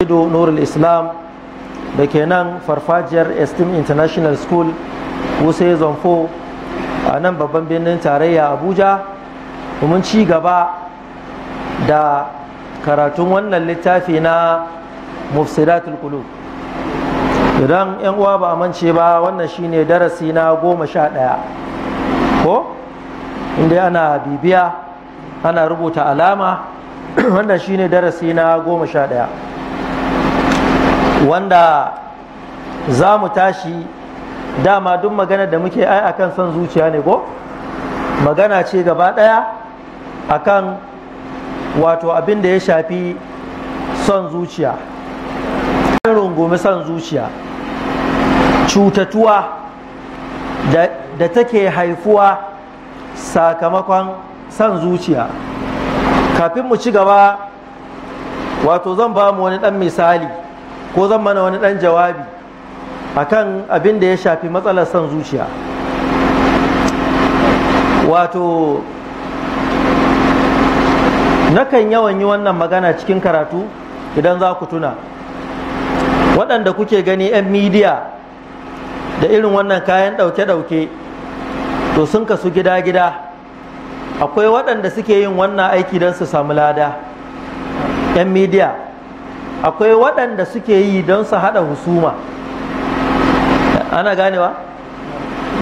ido nurul islam da ke nan farfajiyar esteem international school wuse zonfo a nan babban birnin tarayya abuja mun ci gaba da karatun wannan littafi na mufsidatul qulub idan yan uwa ba mance ba wannan shine darasi na goma sha ɗaya ko inda ana bibiya ana rubuta alama wannan shine darasi na goma sha ɗaya wanda za mu tashi dama duk magana da muke ai akan son zuciya ne ko magana ce gaba ɗaya akan wato abin da ya shafi son zuciya an rungumi son zuciya cutatuwa da take haifuwa sakamakon son zuciya kafin mu ci gaba wato zan ba mu wani ɗan misali ko zan mana wani dan jawabi akan abin da ya shafi matsalar son zuciya wato nakan yawan yi wannan magana cikin karatu idan za ku tuna waɗanda kuke gani 'yan midiya da irin wannan kayan ɗauke-ɗauke to sun kasu gida-gida akwai waɗanda suke yin wannan aiki don su samu lada 'yan midiya akwai waɗanda suke yi don su haɗa husuma ana ganewa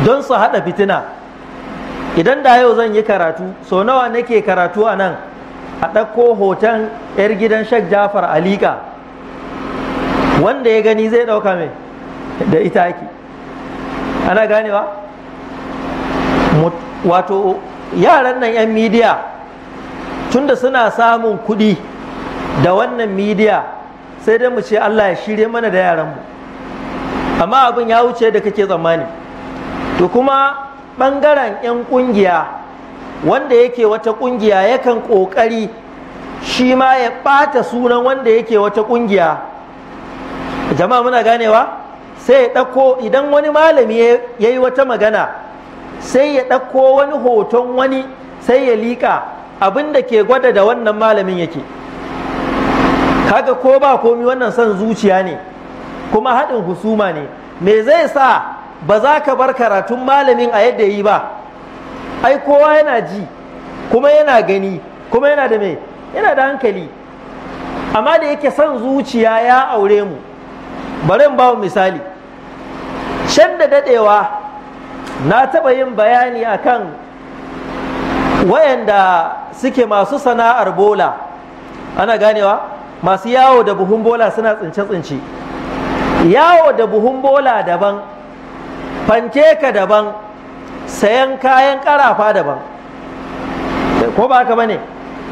don su haɗa fitina idan da yau zan yi karatu so nawa nake karatu a nan a ɗauko hoton 'yar gidan shek jafar alika wanda ya gani zai ɗauka mai da ita ake ana ganewa wato yaran nan 'yan midiya tunda suna samun kuɗi da wannan midiya sai dai mu ce Allah ya shirye mana da yaran mu. amma abin ya wuce da kake tsammani to kuma ɓangaren 'yan ƙungiya wanda yake wata ƙungiya yakan ƙoƙari shi ma ya ɓata sunan wanda yake wata ƙungiya jama'a muna ganewa sai ya ɗauko idan wani malami ya yi wata magana sai ya ɗauko wani hoton wani sai ya liƙa abinda ke gwada da wannan malamin yake kaga ko ba komi wannan son zuciya ne kuma haɗin husuma ne me zai sa ba za ka bar karatun malamin a yadda yi ba ai kowa yana ji kuma yana gani kuma yana da me yana da hankali amma da yake son zuciya ya aure mu bari ba misali shan da dadewa na taɓa yin bayani akan wayanda suke masu sana'ar bola ana ganewa masu yawo da buhun bola suna tsince-tsince yawo da buhun bola daban ka daban sayan kayan karafa daban ko ba ka bane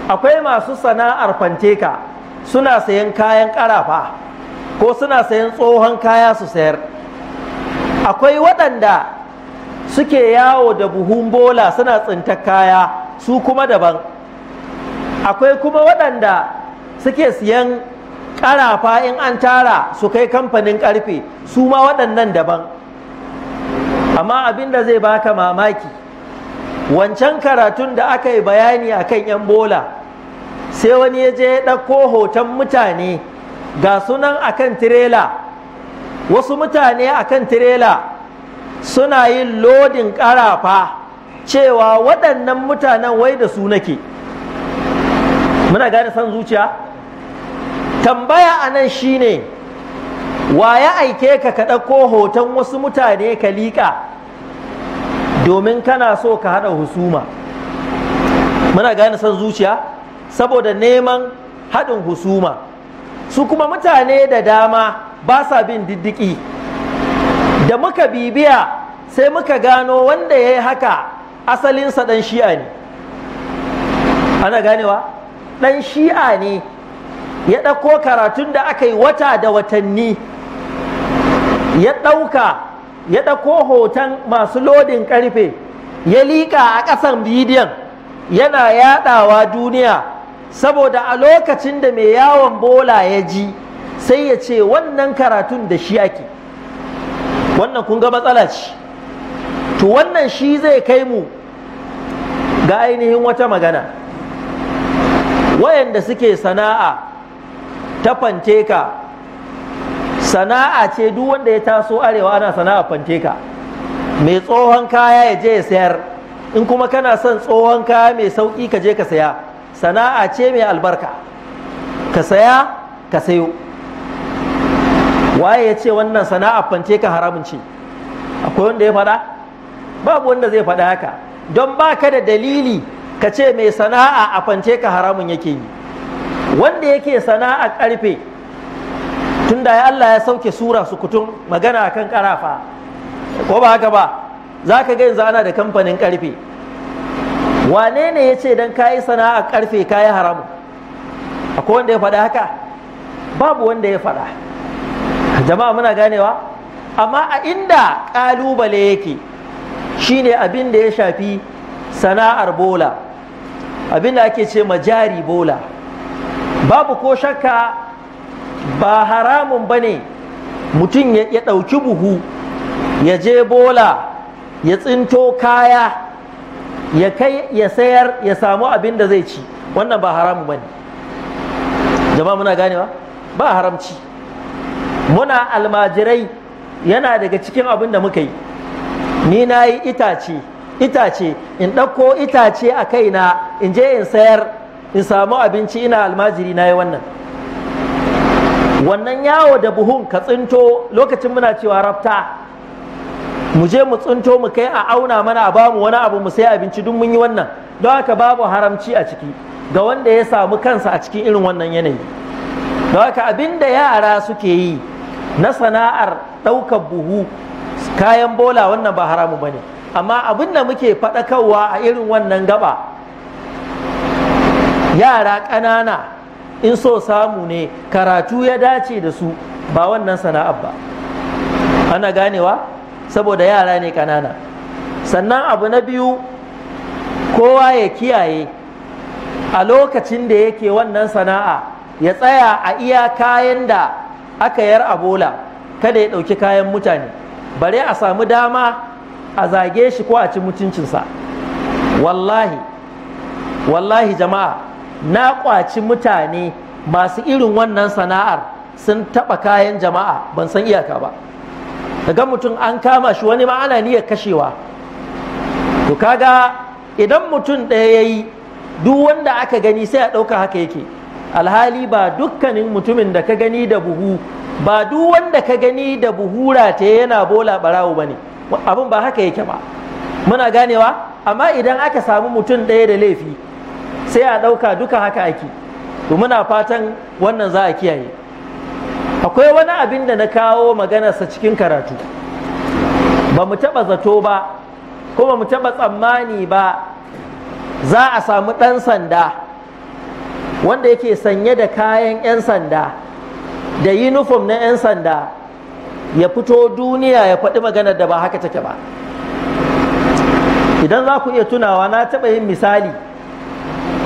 akwai masu sana'ar fanteka suna sayan kayan karafa ko suna sayan tsohon kaya su sayar akwai waɗanda suke yawo da buhun bola suna tsinta kaya su kuma daban akwai kuma waɗanda suke siyan karafa in an tara su kai kamfanin karfe su ma waɗannan daban amma abin da zai baka mamaki wancan karatun da aka yi bayani a kan 'yan bola sai wani ya je ya ɗauko hoton mutane ga sunan kan tirela wasu mutane a kan tirela suna yin lodin karafa, cewa waɗannan mutanen wai da su nake muna gane son zuciya tambaya a nan shine wa ya aike ka ka ɗauko hoton wasu mutane ka liƙa domin kana so ka haɗa husuma muna gane son zuciya saboda neman haɗin husuma su kuma mutane da dama ba sa bin diddiƙi da muka bibiya sai muka gano wanda ya yi haka asalinsa ɗan shi'a ne ana ganewa ɗan shi'a ne ya ɗauko karatun da aka yi wata da watanni ya ɗauka ya ɗauko hoton masu lodin ƙarfe ya liƙa a ƙasan bidiyon yana yaɗawa duniya saboda a lokacin da mai yawon bola ya ji sai ya ce wannan karatun da shi ake wannan kun ga matsala ce to wannan shi zai kai mu ga ainihin wata magana wayanda suke sana'a ta ka sana'a ce duk wanda ya taso arewa ana sana'a ka mai tsohon kaya ya je ya sayar in kuma kana son tsohon kaya mai sauƙi ka je ka saya sana'a ce mai albarka ka saya ka sayo waye ya ce wannan sana'a ka haramun ce akwai wanda ya faɗa babu wanda zai faɗa haka don ba ka da dalili ka ce mai sana'a a ka haramun yake yi wanda yake sana'a karfe tunda ya Allah ya sauke sura su sukutun magana kan karafa ko ba haka ba za ka ga yanzu ana da kamfanin karfe wane ne ya ce don kayi sana'a karfe kayi haramu akwai wanda ya faɗa haka babu wanda ya faɗa jama'a muna ganewa amma a inda ƙalubale yake shine abin da ya shafi sana'ar bola abin da ake ce majari bola babu ko shakka ba haramun ba ne mutum ya ɗauki buhu ya je bola ya tsinto kaya ya kai ya sayar ya samu abin da zai ci wannan ba haramun ba ne jama'a muna ganewa ba haramci muna almajirai yana daga cikin abin da muka yi ni na yi itace itace in ɗauko itace a kaina in je in sayar in samu abinci ina almajiri na yi wannan wannan yawo da buhun ka tsinto lokacin muna cewa rafta mu je mu tsinto mu kai a auna mana a bamu wani abu mu sai abinci duk mun yi wannan don haka babu haramci a ciki ga wanda ya samu kansa a cikin irin wannan yanayi don haka abin da yara suke yi na sana'ar ɗaukar buhu kayan bola wannan ba haramu ba ne amma abin da muke faɗakarwa a irin wannan gaba yara ƙanana in so samu ne karatu ya dace da su ba wannan sana'a ba ana ganewa saboda yara ne ƙanana sannan abu na biyu kowa ya kiyaye a lokacin da yake wannan sana'a ya tsaya a iya kayan da aka yar abola kada ya ɗauki kayan mutane bare a samu dama a zage shi ko a ci mutuncinsa wallahi jama'a na kwaci mutane masu irin wannan sana'ar sun taɓa kayan jama'a ban san iyaka ba daga mutum an kama shi wani ma ana niyyar kashewa to kaga idan mutum ɗaya ya yi duk wanda aka gani sai a ɗauka haka yake alhali ba dukkanin mutumin da ka gani da buhu ba duk wanda ka gani da buhura ta yana bola barawo ba ne abin ba haka yake ba muna ganewa amma idan aka samu mutum ɗaya da laifi sai a ɗauka duka haka ake to muna fatan wannan za a kiyaye akwai wani abin da na kawo maganarsa cikin karatu ba mu taɓa zato ba kuma mu taɓa tsammani ba za a samu ɗan sanda wanda yake sanye da kayan 'yan sanda da yunifom na 'yan sanda ya fito duniya ya faɗi maganar da ba haka take ba idan za ku iya tunawa na taɓa yin misali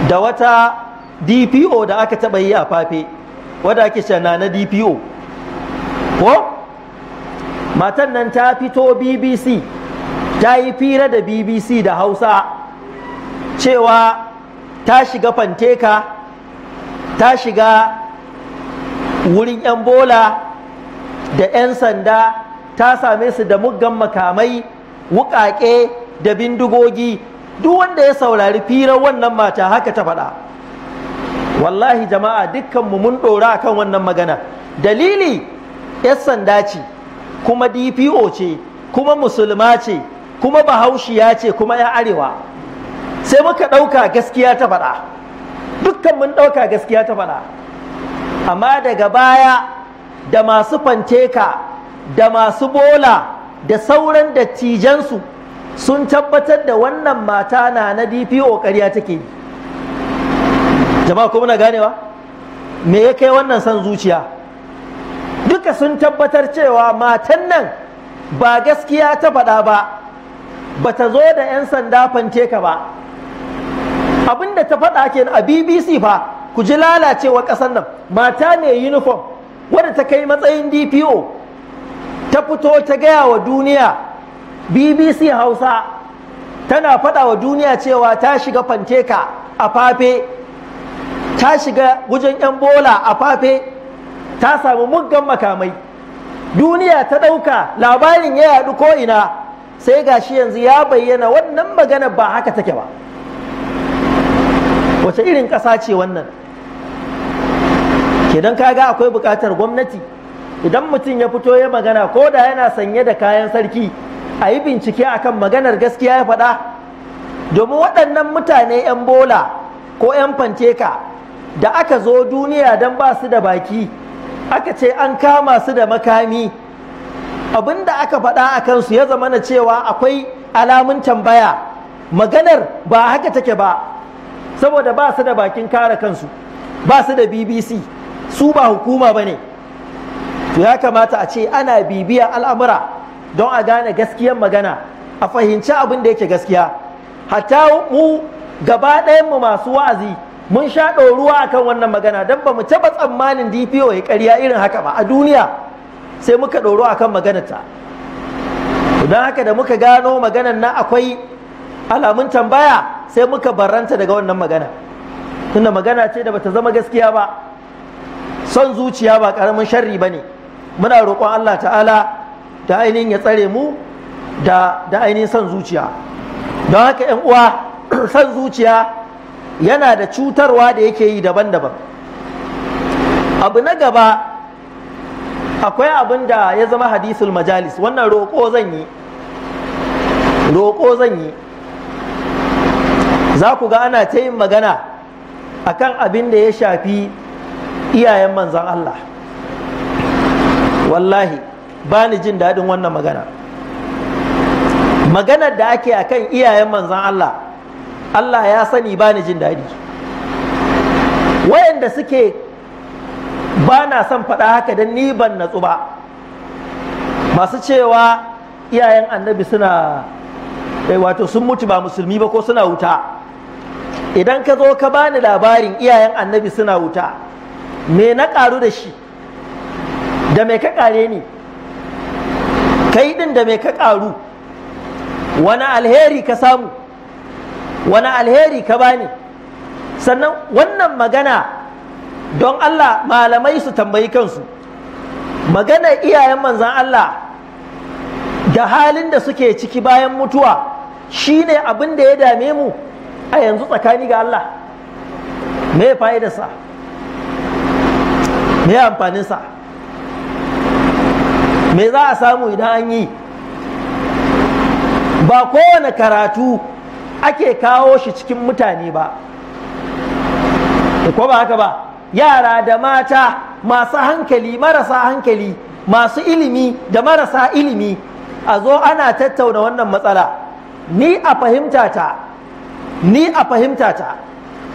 da wata dpo da aka taɓa yi a fafe wadda ake shana na dpo ko matan nan ta fito bbc ta yi fira da bbc da hausa cewa ta shiga fanteka ta shiga wurin 'yan bola da 'yan sanda ta same su da muggan makamai wuƙaƙe da bindigogi duk wanda ya saurari fira wannan mata haka ta faɗa wallahi jama'a dukkanmu mun ɗora kan wannan magana dalili 'yan sanda ce kuma dpo ce kuma musulma ce kuma bahaushiya ce kuma 'yan arewa sai muka ɗauka gaskiya ta faɗa dukkan mun ɗauka gaskiya ta faɗa amma daga baya da masu fanteka da masu bola da sauran dattijansu sun tabbatar da wannan mata na na DPO ƙarya take jama'a kuma na ganewa me ya kai wannan son zuciya duka sun tabbatar cewa matan nan ba gaskiya ta faɗa ba ba ta zo da 'yan sanda fante ka ba abinda ta faɗa ke a BBC fa ku ji lalacewa ƙasar nan mata ne uniform wadda ta kai matsayin DPO ta fito ta gaya wa duniya bbc hausa tana faɗa wa duniya cewa ta shiga fanteka a fafe ta shiga wujen 'yan bola a fafe ta samu muggan makamai duniya ta ɗauka labarin ya yaɗu ko'ina sai gashi yanzu ya bayyana wannan magana ba haka take ba wace irin ƙasa ce wannan kidan kaga akwai buƙatar gwamnati idan mutum ya fito ya magana ko da yana sanye da kayan sarki a yi bincike akan maganar gaskiya ya faɗa domin waɗannan mutane 'yan bola ko 'yan fanteka da aka zo duniya don ba su da baki aka ce an kama su da makami abin da aka faɗa a kansu ya zama na cewa akwai alamun tambaya maganar ba haka take ba saboda ba su da bakin kare kansu ba su da bbc su ba hukuma ba ne to ya kamata a ce ana bibiya al'amura don a gane gaskiyar magana a fahimci abin da yake gaskiya hatta mu gaba mu masu wa'azi mun sha ɗoruwa akan wannan magana don ba mu taɓa tsammanin dpo ya ƙarya irin haka ba a duniya sai muka a akan maganarta don haka da muka gano maganar na akwai alamun tambaya sai muka baranta daga wannan magana tunda magana ce da bata zama gaskiya ba son zuciya ba ƙaramin sharri ba ne muna roƙon allah ta'ala da ainihin ya tsare mu da da ainihin son zuciya don haka yan uwa son zuciya yana da cutarwa da yake yi daban-daban abu na gaba akwai abin da ya zama hadisul majalis wannan roƙo zan yi roƙo zan yi za ku ga ana ta yin magana a kan abin da ya shafi iyayen manzan Allah wallahi ba ni jin daɗin wannan magana maganar da ake a kan iyayen manzan Allah Allah ya sani ba ni jin daɗi wayanda suke ba na son faɗa haka don ni ban natsu ba masu cewa iyayen annabi suna eh, wato sun mutu ba musulmi ba ko suna wuta idan ka zo ka ba ni labarin iyayen annabi suna wuta me na ƙaru da shi da me ka ƙare ni kai din da mai ka ƙaru wani alheri ka samu wani alheri ka bani sannan wannan magana don Allah malamai su tambayi kansu magana iyayen manzan Allah da halin da suke ciki bayan mutuwa shine abin da ya dame mu a yanzu tsakani ga Allah me fa'idarsa me amfaninsa me za a samu idan an yi ba kowane karatu ake kawo shi cikin mutane ba ko ba haka ba yara da mata masu hankali marasa hankali masu ilimi da marasa ilimi a zo ana tattauna wannan matsala ni a fahimtata ni a fahimtata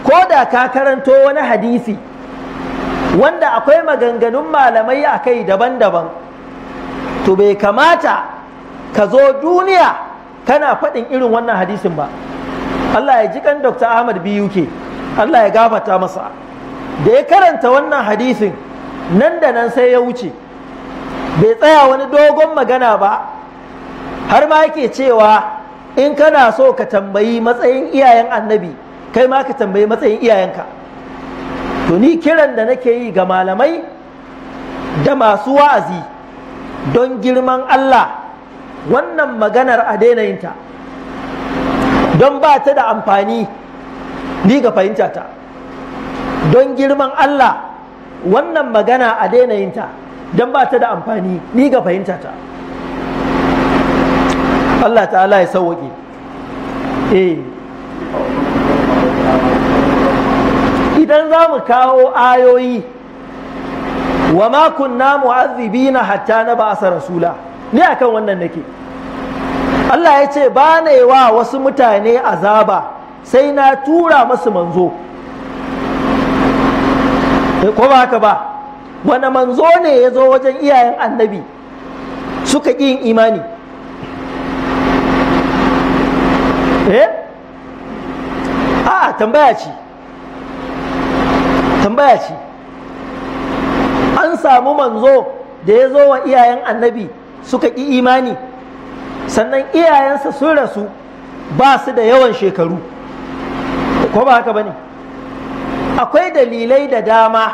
ko da ka karanto wani hadisi wanda akwai maganganun malamai a kai daban-daban to bai kamata ka zo duniya kana faɗin irin wannan hadisin ba Allah ya ji kan Dr. Ahmad BUK Allah ya gafata masa da ya karanta wannan hadisin nan da nan sai ya wuce bai tsaya wani dogon magana ba har ma yake cewa in kana so ka tambayi matsayin iyayen annabi kai ma ka tambayi matsayin iyayenka to ni kiran da nake yi ga malamai da masu wa'azi don girman Allah wannan maganar a daina don ba ta da amfani ni ga fahimta ta don girman Allah wannan magana a daina yinta don ba ta da amfani ni ga fahimta ta Allah ta'ala ya sauwaƙe eh. idan za mu kawo ayoyi wa ma kunna mu'azzibina hatta na ba'asa rasula ni akan wannan nake Allah ya ce ba ne wa wasu mutane azaba sai na tura masu manzo ko ba haka ba wani manzo ne ya zo wajen iyayen annabi suka ƙi yin imani eh a tambaya ce tambaya ce samu manzo da ya zo wa iyayen annabi suka ƙi imani sannan iyayensa sun rasu ba su da yawan shekaru ko ba haka ba ne akwai dalilai da dama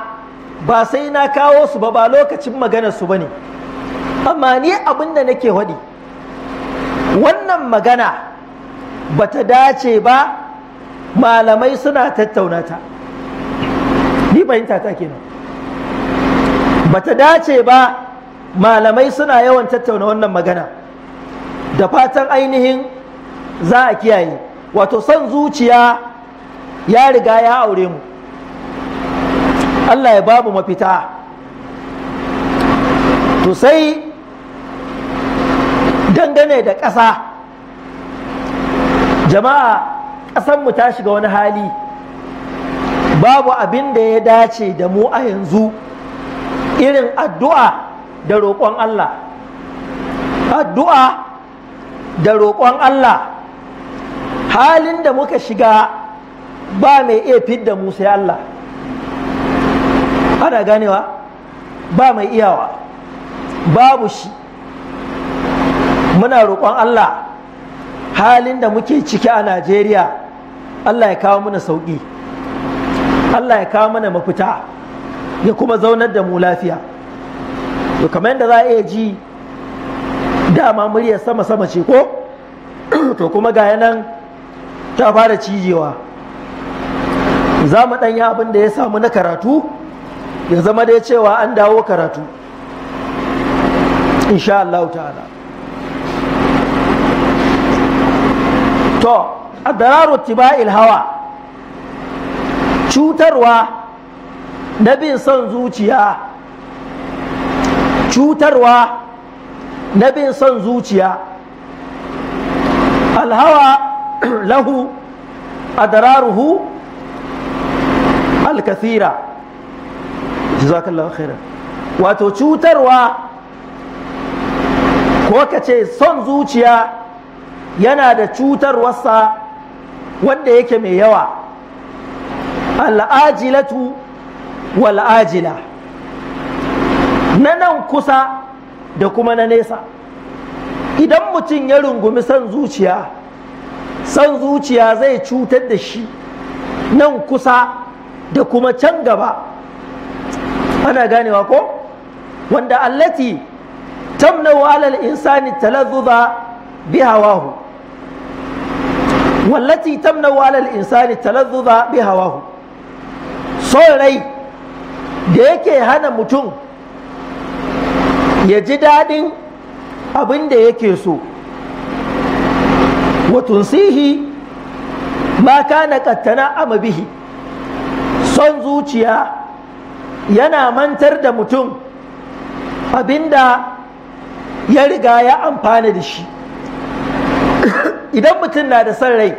ba sai na kawo su ba ba lokacin maganar su ba ne amma ni abin da nake waɗi wannan magana ba ta dace ba malamai suna tattaunata ni fahimta ta kenan bata dace ba malamai suna yawan tattauna wannan magana da fatan ainihin za a kiyaye wato son zuciya ya riga ya aure mu Allah ya babu mafita to sai dangane da ƙasa jama'a ƙasanmu ta shiga wani hali babu abin da ya dace da mu a yanzu irin addu'a da roƙon Allah addu'a da roƙon Allah halin da muka shiga ba mai iya fidda Musa sai Allah ana ganewa ba mai iyawa babu shi muna roƙon Allah halin da muke ciki a Najeriya Allah ya kawo mana sauƙi Allah ya kawo mana mafita ya kuma zaunar da mu lafiya to kamar yadda za a iya ji dama muryar sama-sama ce ko to kuma ga yanan ta fara cijewa za mu ɗanya abin da ya samu na karatu ya zama dai cewa an dawo karatu insha Allah ta'ala to a dararu tiba'il hawa cutarwa na bin son zuciya cutarwa na bin son zuciya alhawa lahu adararuhu alkathira jazakallahu khairan wato cutarwa ko ka ce son zuciya yana da cutarwarsa wanda yake mai yawa al'ajilatu wal'ajila na nan kusa da kuma na nesa idan mutum ya rungumi son zuciya son zuciya zai cutar da shi nan kusa da kuma can gaba ana ganewa ko wanda allati tamna alal insani talazzuza bi hawahu wallati tamnau alal insani talazzuza bi hawahu son rai da yake hana mutum ya ji daɗin abin da yake so sihi ma kana kattana ama bihi son zuciya yana mantar da mutum abin da ya riga ya amfana da shi idan mutum na da son rai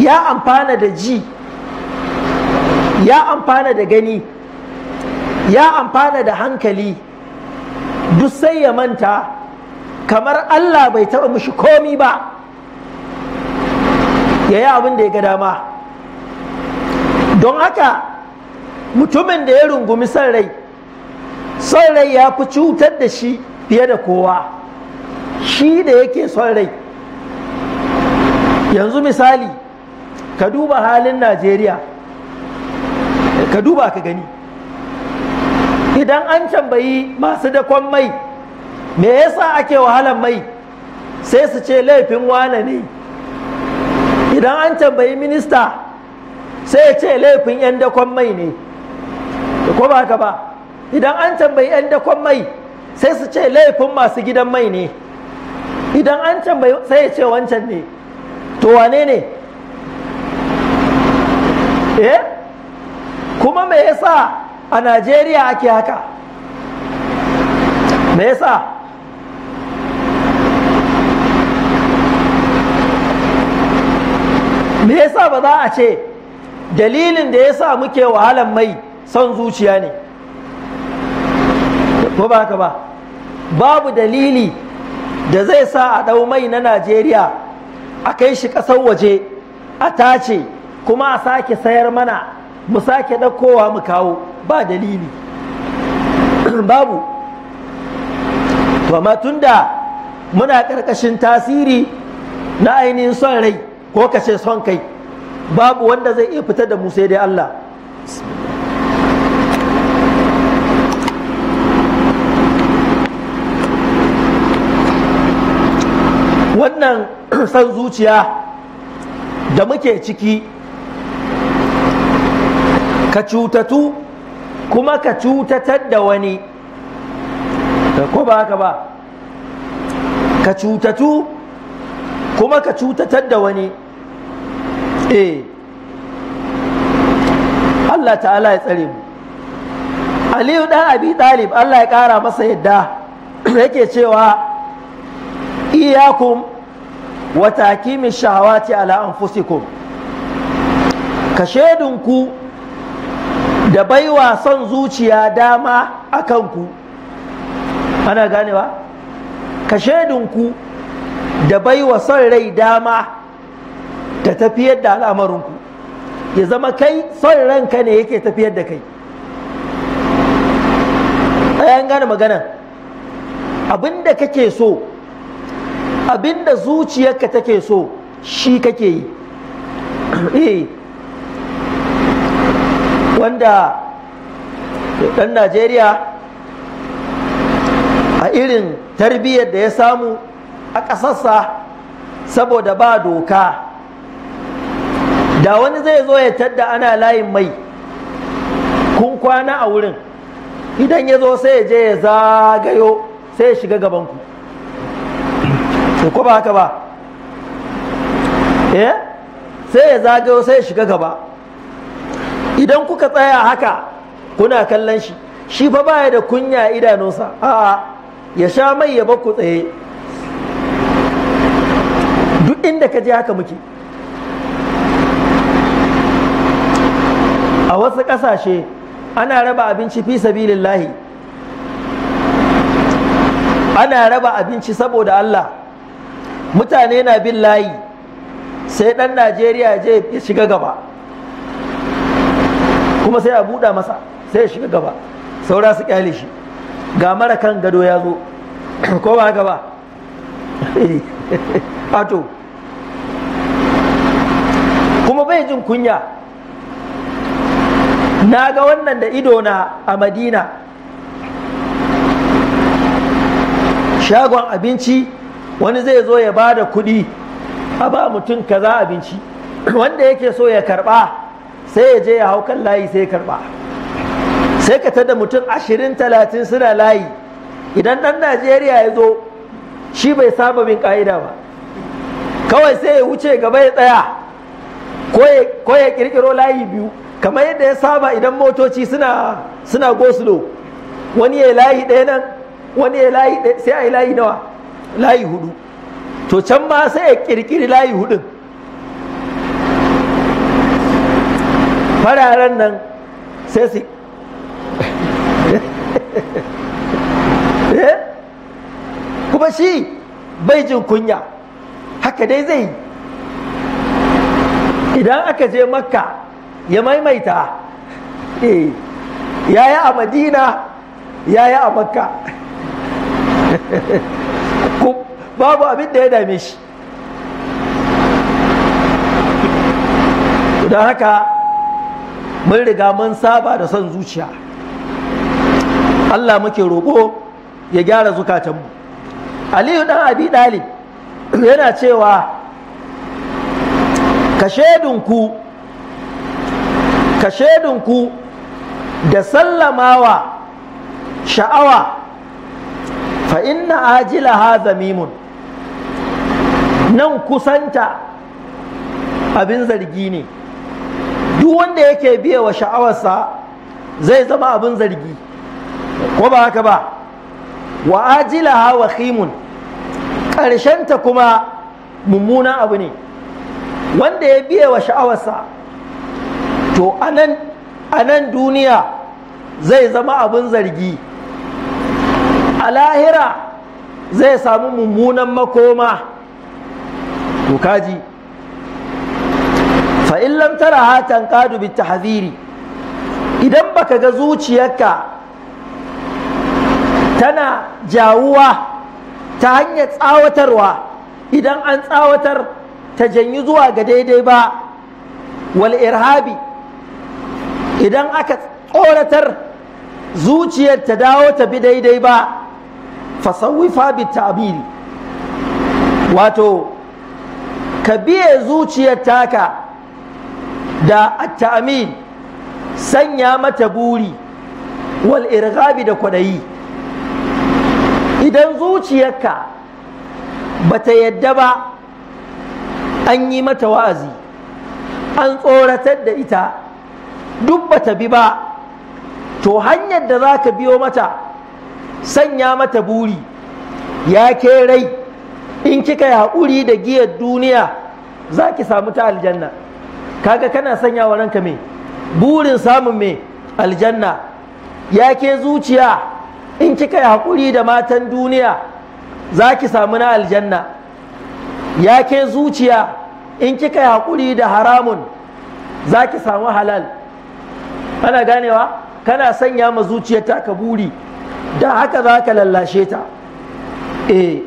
ya amfana da ji ya amfana da gani ya amfana da hankali duk sai ya manta kamar Allah bai taɓa mushi komi ba ya yi abin da ya ga dama don haka mutumin da ya rungumi son rai son rai ya fi cutar da shi fiye da kowa shi da yake son rai yanzu misali ka duba halin najeriya ka duba ka gani idan an tambayi masu dakon mai me yasa ake wahalar mai sai su ce laifin wane ne idan an tambayi minista sai ya ce laifin 'yan dakon mai ne da kuma haka ba idan an tambayi 'yan dakon mai sai su ce laifin masu gidan mai ne idan an tambayi sai ya ce wancan ne to wane ne eh kuma me yasa a najeriya ake haka me yasa me yasa ba za a ce dalilin da yasa muke wahalan mai son zuciya ne ko ba haka ba babu dalili da zai sa a ɗau mai na najeriya a kai shi ƙasar waje a tace kuma a sake sayar mana mu sake ɗaukowa mu kawo ba dalili babu to amma tunda muna karkashin tasiri na ainihin son rai ko kace son kai babu wanda zai iya fitar da mu sai dai Allah wannan san zuciya da muke ciki ka cutatu kuma ka cutatar da wani ko ba haka ba ka cutatu kuma ka cutatar da wani eh Allah ta'ala ya tsare mu Aliyu ɗan Abi Talib Allah ya ƙara masa yadda yake cewa iyakum wa takimi shahawati ala anfusikum ka shedunku da baiwa son zuciya dama a kanku ana ganewa ka shaidunku da baiwa son rai dama ta tafiyar da al'amarinku ya zama kai son ranka ne yake tafiyar da kai ɗayan gane magana abin da kake so abinda zuciyarka take so shi kake yi eh, wanda ɗan najeriya a irin tarbiyyar da ya samu a ƙasarsa saboda ba doka da wani zai zo ya tadda ana layin mai kun kwana a wurin idan ya zo sai ya je ya zagayo sai ya shiga gabanku ko ba haka ba eh sai ya zagayo sai ya shiga gaba idan kuka tsaya haka kuna kallon shi shi fa baya da kunya idanunsa a'a ya sha mai ya ku tsaye duk inda ka je haka muke a wasu ƙasashe ana raba abinci fi sabilillahi ana raba abinci saboda Allah mutane na bin layi sai ɗan Najeriya ya shiga gaba kuma sai a buɗa masa sai ya shiga gaba saura su kyale shi ga mara kan gado ya zo ko ba haka ba ato kuma bai jin kunya na ga wannan da ido na a madina shagon abinci wani zai zo ya ba da kuɗi a ba mutum kaza abinci wanda yake so ya karɓa sai ya je ya hau kan layi sai ya karba sai ka tada mutum ashirin talatin suna layi idan ɗan najeriya ya zo shi bai saba bin ƙa'ida ba kawai sai ya wuce gaba ya tsaya ko ya ƙirƙiro layi biyu kamar yadda ya saba idan motoci suna suna gosulo wani ya layi ɗaya nan wani ya layi sai a yi layi nawa layi hudu to can ma sai ya ƙirƙiri layi hudun fararen nan sai su eh? kuma shi bai jin kunya haka dai zai idan aka je makka ya maimaita eh, yi a madina yi a makka babu abin da ya dame shi don haka mun riga mun saba da son zuciya Allah muke roƙo ya gyara zukatanmu aliyu dan abi d'ali yana cewa ka shaidunku ka da sallamawa sha'awa fa inna ajilaha mimun nan kusanta abin zargi ne duk wanda yake biye wa sha'awarsa zai zama abin zargi ko ba haka ba wa ajilaha wa khimun ta kuma mummunan abu ne wanda ya biya wa sha'awarsa to a nan duniya zai zama abin zargi a lahira zai samu mummunan makoma to kaji fa in lam taraha tanqadu bit tahziri idan baka ga zuciyarka tana jawuwa ta hanyar tsawatarwa idan an tsawatar ta janyi zuwa ga daidai ba wal irhabi idan aka tsoratar zuciyar ta dawo ta bi daidai ba fasawifa bi ta'biri wato ka biye zuciyar taka da at sanya mata buri wal irghabi da kwadayi idan zuciyarka bata yadda ba an yi mata wa'azi an tsoratar da ita duk bata bi ba to hanyar da za ka biyo mata sanya mata buri ya ke rai in kika yi haƙuri da giyar duniya za ki samu ta aljanna kaga kana sanya wa ranka me burin samun me aljanna ya ke zuciya in kika yi hakuri da matan duniya za ki samu na aljanna ya ke zuciya in kika yi haƙuri da haramun za ki samu halal ana ganewa kana sanya ma zuciyarta ka buri da haka za ka lallashe ta eh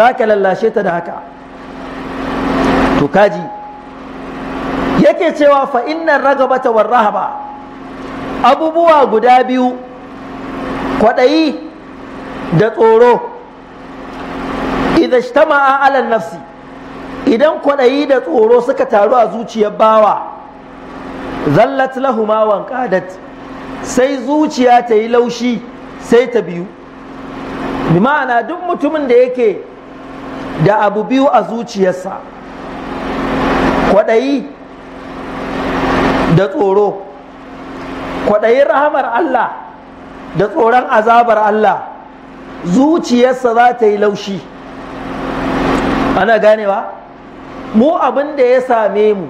za ka lallashe ta da haka to kaji yake cewa fa innan ragabata war rahaba abubuwa guda biyu kwaɗayi da tsoro idan shtama'a alal nafsi idan kwaɗayi da tsoro suka taru a zuciyar bawa zallat lahuma qadat sai zuciya ta yi laushi sai ta biyu bi ma'ana duk mutumin da yake da abu biyu a zuciyarsa kwaɗayi da tsoro kwaɗayin rahamar Allah da tsoron azabar Allah zuciyarsa za ta yi laushi ana ganewa mu abin da ya same mu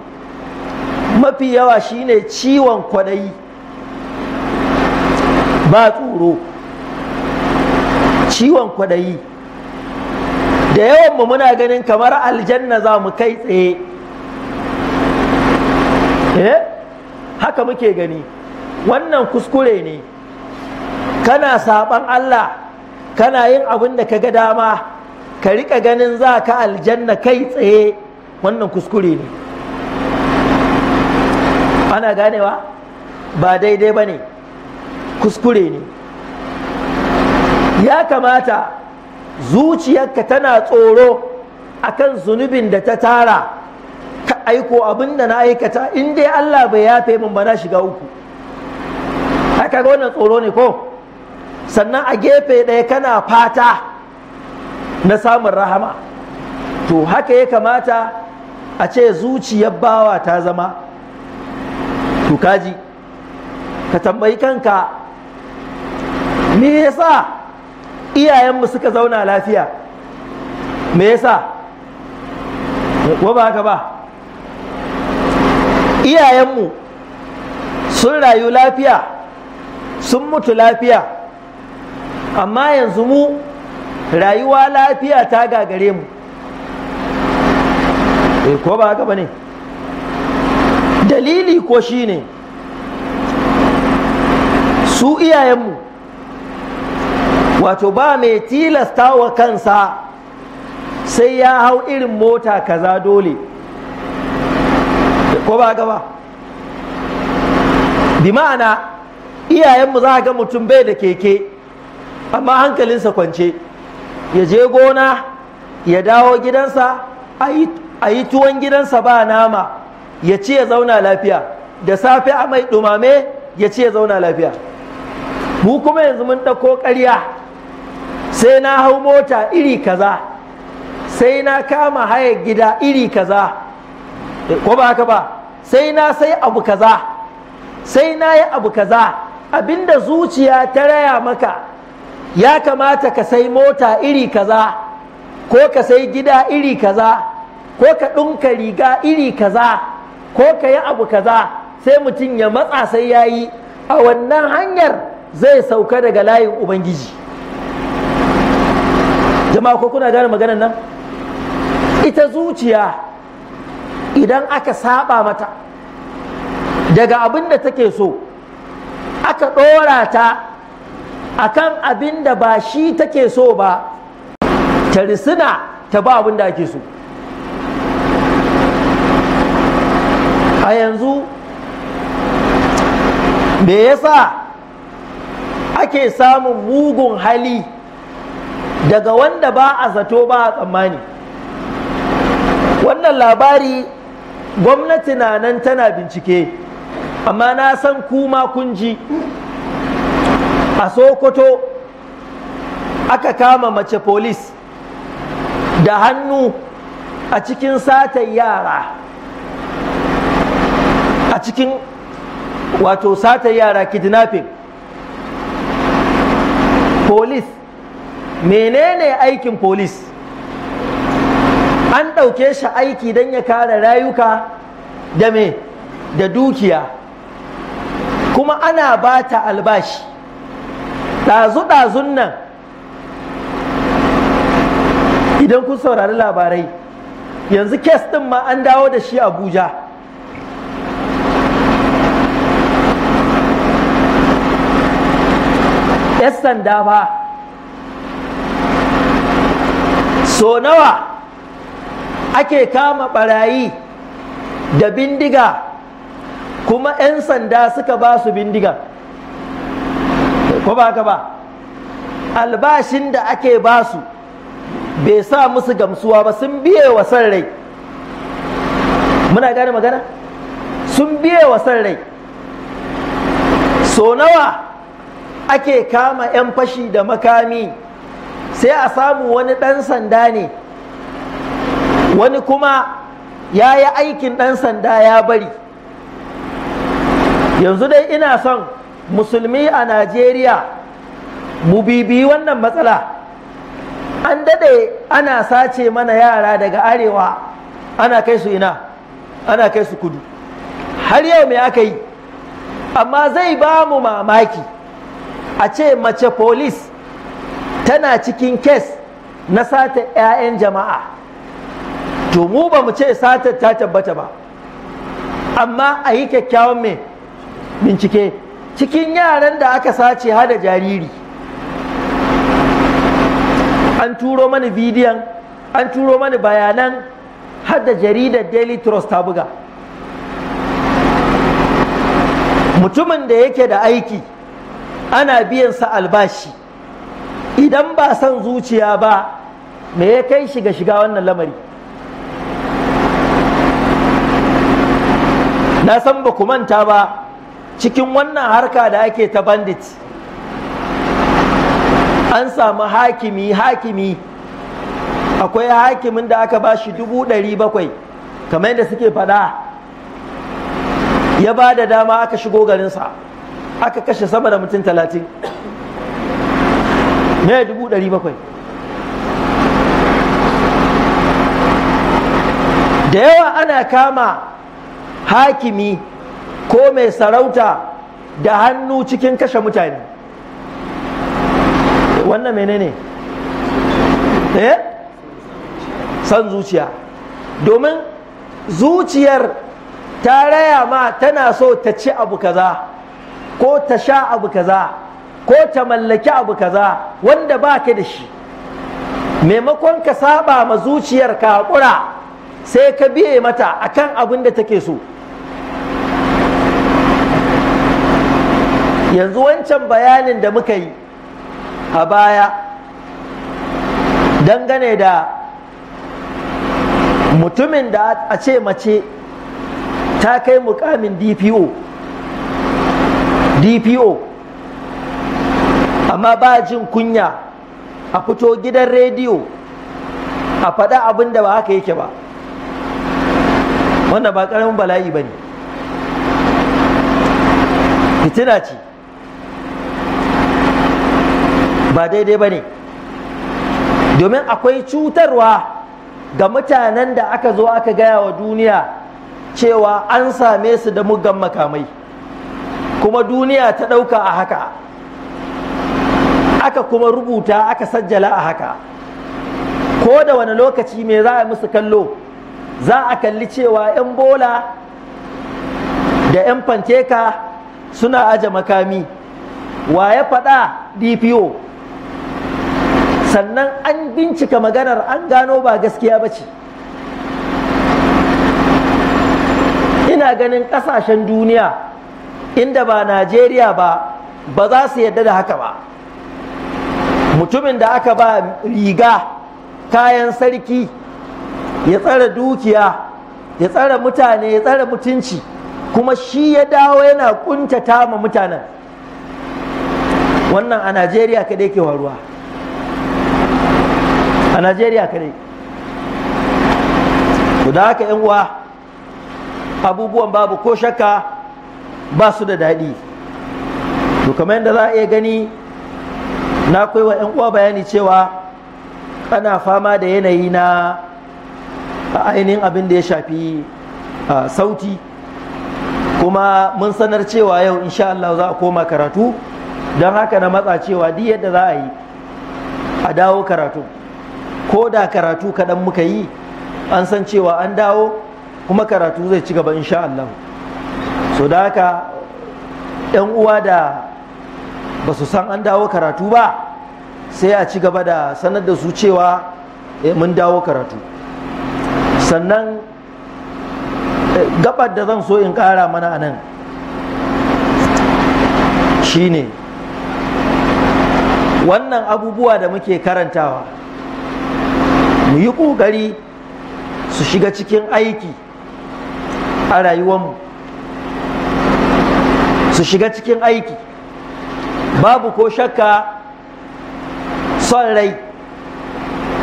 mafi yawa shine ciwon kwaɗayi ba tsoro ciwon kwaɗayi da yawan mu muna ganin kamar aljanna za mu kai tsaye eh haka muke gani wannan kuskure ne kana saban Allah kana yin abin da ka ga dama ka riƙa ganin za ka aljanna kai tsaye wannan kuskure ne ana ganewa ba daidai ba ne kuskure ne ya kamata zuciyarka tana tsoro akan zunubin da ta tara aiko abin da na aikata in dai Allah bai yafe min ba na shiga uku haka ga wannan tsoro ne ko sannan a gefe ɗaya kana fata na samun rahama to haka ya kamata a ce zuciyar bawa ta zama to kaji ka tambayi kanka me yasa iyayenmu suka zauna lafiya me yasa wa ba haka ba iyayenmu sun rayu lafiya sun mutu lafiya amma yanzu mu rayuwa lafiya ta gagare mu eh ko ba haka ba ne dalili ko shi ne su iyayenmu wato ba mai tilasta wa kansa sai ya hau irin mota kaza dole ko ba gaba bi ma'ana iyayenmu za ga mutum bai da keke amma hankalinsa kwance ya je gona ya dawo gidansa a yi tuwon gidansa ba nama ya ci ya zauna lafiya da safe a mai dumame ya ci ya zauna lafiya mu kuma yanzu mun ɗauko ƙarya sai na hau mota iri kaza sai na kama hayar gida iri kaza ko ba haka ba sai na sai abu kaza sai na yi abu kaza abinda zuciya ta raya maka ya kamata ka sai mota iri kaza ko ka sai gida iri kaza ko ka ɗinka riga iri kaza ko ka yi abu kaza sai mutum ya matsa sai ya yi a wannan hanyar zai sauka daga layin ubangiji jama'a ko kuna gane maganar nan ita zuciya idan aka saba mata daga abin da take so aka ɗora ta kan abin da ba shi take so ba ta risina ta ba abin da ake so a yanzu me yasa ake samun mugun hali daga wanda ba a zato ba a tsammani wannan labari gwamnati na nan tana bincike amma na san kuma kun ji a sokoto aka kama mace polis da hannu a cikin satan yara a cikin wato satar yara kidnapping polis menene aikin polis an ɗauke shi aiki don ya kare rayuka da me da dukiya kuma ana ba ta albashi ɗazu-ɗazun nan idan kun saurari labarai yanzu kes ɗin ma an dawo da shi abuja yan sanda ba so nawa ake kama barayi da bindiga kuma 'yan sanda suka ba su bindiga ko ba ka ba albashin da ake ba su bai sa musu gamsuwa ba sun biye wa san rai muna gane magana sun biye wa san rai so nawa ake kama 'yan fashi da makami sai a samu wani ɗan sanda ne wani kuma ya yi aikin ɗan sanda ya bari yanzu dai ina son musulmi a najeriya mu bibiyi wannan matsala an daɗe ana sace mana yara daga arewa ana kai su ina ana kai su kudu har yau me aka yi amma zai ba mu mamaki a ce mace polis tana cikin kes na sata 'ya'yan jama'a to mu ba mu ce satar ta tabbata ba amma a yi kyakkyawan mai bincike cikin yaran da aka sace hada jariri an turo mani bidiyon an turo mani bayanan hada jaridar daily trust ta buga mutumin da yake da aiki ana biyan sa albashi idan ba son zuciya ba me ya kai shiga shiga wannan lamari na san ba ku manta ba cikin wannan harka da ake ta bandit an samu hakimi hakimi akwai hakimin da aka ba shi dubu ɗari bakwai kamar yadda suke faɗa ya ba da dama aka shigo garinsa aka kashe sama da mutum talatin ne dubu ɗari bakwai da yawa ana kama hakimi ko mai sarauta da hannu cikin kashe mutane wannan menene eh san zuciya domin zuciyar ta raya ma tana so ta ci abu kaza ko ta sha abu kaza ko ta mallaki abu kaza wanda ba ka da shi maimakon ka saba ma zuciyar ka haƙura sai ka biye mata a kan abin da take so yanzu wancan bayanin da muka yi a baya dangane da mutumin da a ce mace ta kai mukamin dpo dpo amma ba jin kunya a fito gidan rediyo a faɗa abin da ba haka yake ba wanda ba karamin bala'i ba ne fitina ce ba daidai ba ne domin akwai cutarwa ga mutanen da aka zo aka gaya wa duniya cewa an same su da mugan makamai kuma duniya ta ɗauka a haka aka kuma rubuta aka sajjala a haka ko da wani lokaci me za a musu kallo za a kalli cewa 'yan bola da 'yan fanteka suna aje makami wa ya faɗa dpo sannan an bincika maganar an gano ba gaskiya ba ce ina ganin ƙasashen duniya inda ba najeriya ba ba za su yadda da haka ba mutumin da aka ba riga kayan sarki ya tsare dukiya ya tsare mutane ya tsare mutunci kuma shi ya dawo yana kuntata ma mutanen wannan a najeriya kadai ke waruwa a najeriya kadai to da haka uwa abubuwan babu ko shakka ba su da daɗi to kamar yadda za a iya gani na kai wa uwa bayani cewa ana fama da yanayi na a ainihin abin da ya shafi sauti kuma mun sanar cewa yau insha Allah za a koma karatu don haka na matsa cewa duk yadda za a yi a dawo karatu ko da karatu kaɗan muka yi an san cewa an dawo kuma karatu zai ci gaba insha Allah so da haka 'yan uwa da ba su san an dawo karatu ba sai a ci gaba da sanar da su cewa eh, mun dawo karatu sannan eh, gabar da zan so in ƙara mana a nan shi ne wannan abubuwa da muke karantawa mu yi ƙoƙari su shiga cikin aiki a rayuwanmu su shiga cikin aiki babu ko shakka son rai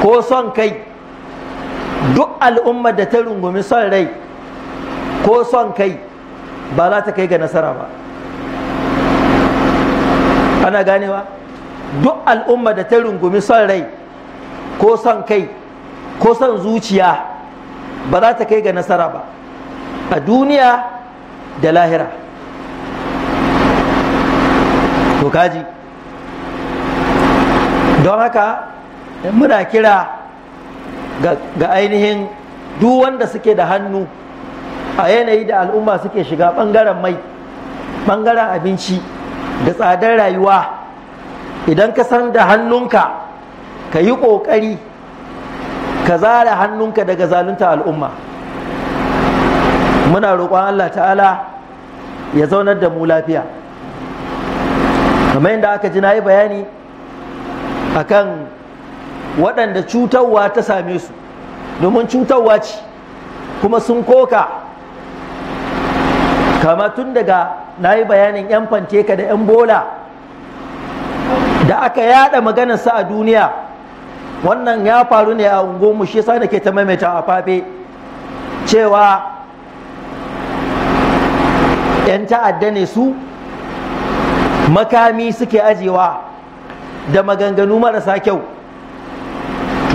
ko son kai duk al'ummar da ta rungumi son rai ko son kai ba za ta kai ga nasara ba ana ganewa duk al'ummar da ta rungumi son rai ko son kai ko son zuciya ba za ta kai ga nasara ba a duniya da lahira to kaji don haka muna kira ga ainihin duk wanda suke da hannu a yanayi da al'umma suke shiga bangaren mai bangaren abinci da tsadar rayuwa idan ka san da hannunka ka yi ƙoƙari ka zara hannunka daga zalunta al'umma muna roƙon Allah ta'ala ya zaunar da mu lafiya kamar yadda aka ji na yi bayani akan waɗanda cutarwa ta same su domin cutarwa ce kuma sun koka kama tun daga na yi bayanin 'yan fanteka da 'yan bola da aka yada maganarsa a duniya wannan ya faru ne a unguwarmu shi yasa da ke ta maimaita a fafe cewa 'yan ta'adda ne su makami suke ajewa da maganganu marasa kyau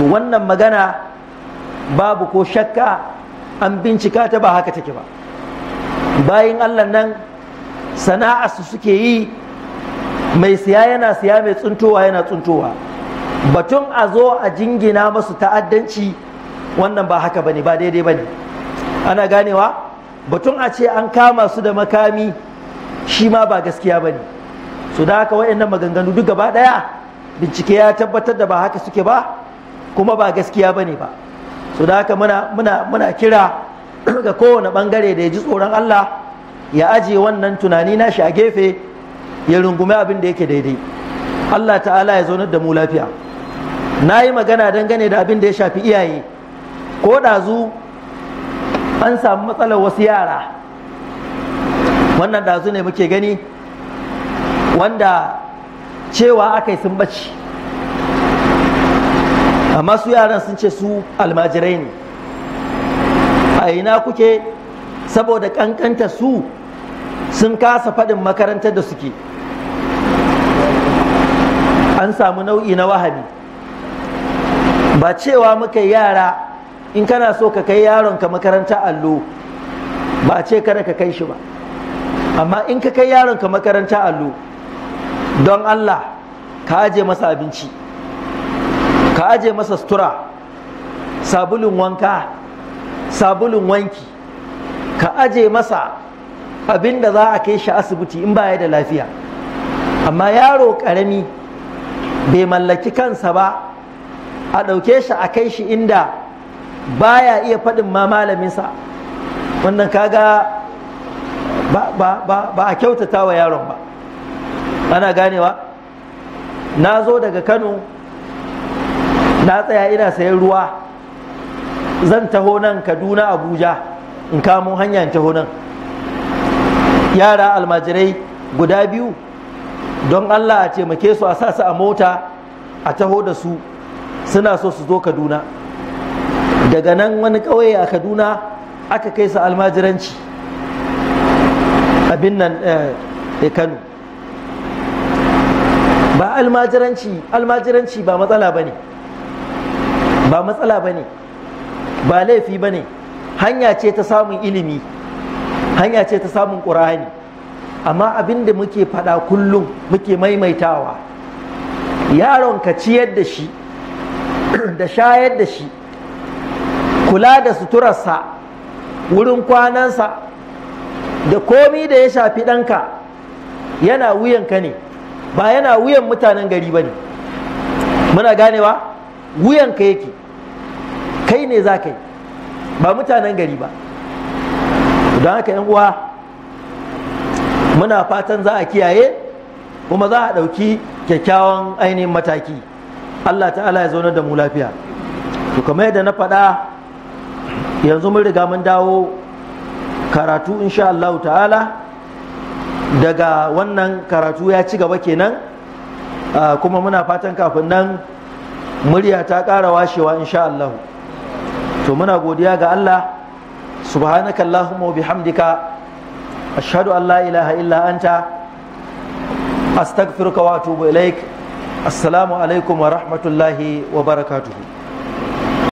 to wannan magana babu ko shakka an bincika ta ba haka take ba bayan allah nan sana'a su suke yi mai siya yana siya mai tsuntowa yana tsuntowa batun a zo a jingina masu ta'addanci wannan ba haka bane ba daidai bane ana ganewa batun a ce an kama su da makami shi ma ba gaskiya bane su da haka waɗannan maganganu duk gaba ɗaya bincike ya tabbatar da ba haka suke ba kuma ba gaskiya ne ba so da haka muna kira ga kowane bangare da ya ji tsoron Allah ya aje wannan tunani na shi a gefe ya rungumi abin da yake daidai Allah ta'ala ya zaunar da mu lafiya na yi magana dangane da abin da ya shafi iyaye ko ɗazu an samu matsalar wasu yara wannan ɗazu ne muke gani wanda cewa aka yi sun bacci amma su yaran sun ce su almajirai ne a ina kuke saboda kankanta su sun kasa faɗin makarantar da suke an samu nau'i na wahabi ba cewa muka yara in kana so ka kai yaronka makarantar allo ba ce kada ka kai shi ba amma in ka kai yaronka makarantar allo don allah ka aje masa abinci ka aje masa sutura sabulun wanka sabulun wanki ka aje masa abin da za a kai shi asibiti in baya da lafiya amma yaro ƙarami bai mallaki kansa ba a ɗauke shi a kai shi inda baya iya faɗin ma malaminsa wannan kaga ba a kyautata wa yaron ba ana ganewa na zo daga kano na tsaya ina sayan ruwa zan taho nan kaduna abuja in kamo hanya in taho nan yara almajirai guda biyu don allah a taimake su a sasu a mota a taho da su suna so su zo kaduna daga nan wani ƙauye a kaduna aka kai su almajiranci abin nan da eh, kano ba almajiranci almajiranci ba matsala ba ne ba matsala ba ne ba laifi ba ne hanya ce ta samun ilimi hanya ce ta samun ƙur'ani amma abin da muke faɗa kullum muke maimaitawa yaron ka ciyar da shi da shayar da shi kula da suturarsa wurin kwanansa da komi da ya shafi ɗanka yana wuyan ka ne ba yana wuyan mutanen gari ba ne muna ganewa ka yake kai ne za ka yi ba mutanen gari ba don haka yan uwa muna fatan za a kiyaye kuma za a ɗauki kyakkyawan ainihin mataki Allah ta'ala ya zaunar da mu lafiya to kamar yadda na faɗa yanzu mun riga mun dawo karatu insha Allah ta'ala daga wannan karatu ya ci gaba kenan ah, kuma muna fatan kafin nan murya ta ƙara washewa insha Allah to muna godiya ga Allah subhanaka allahumma wa bihamdika ashhadu an la ilaha illa anta astaghfiruka wa atubu ilaik assalamu alaikum wa rahmatullahi wa barakatuhu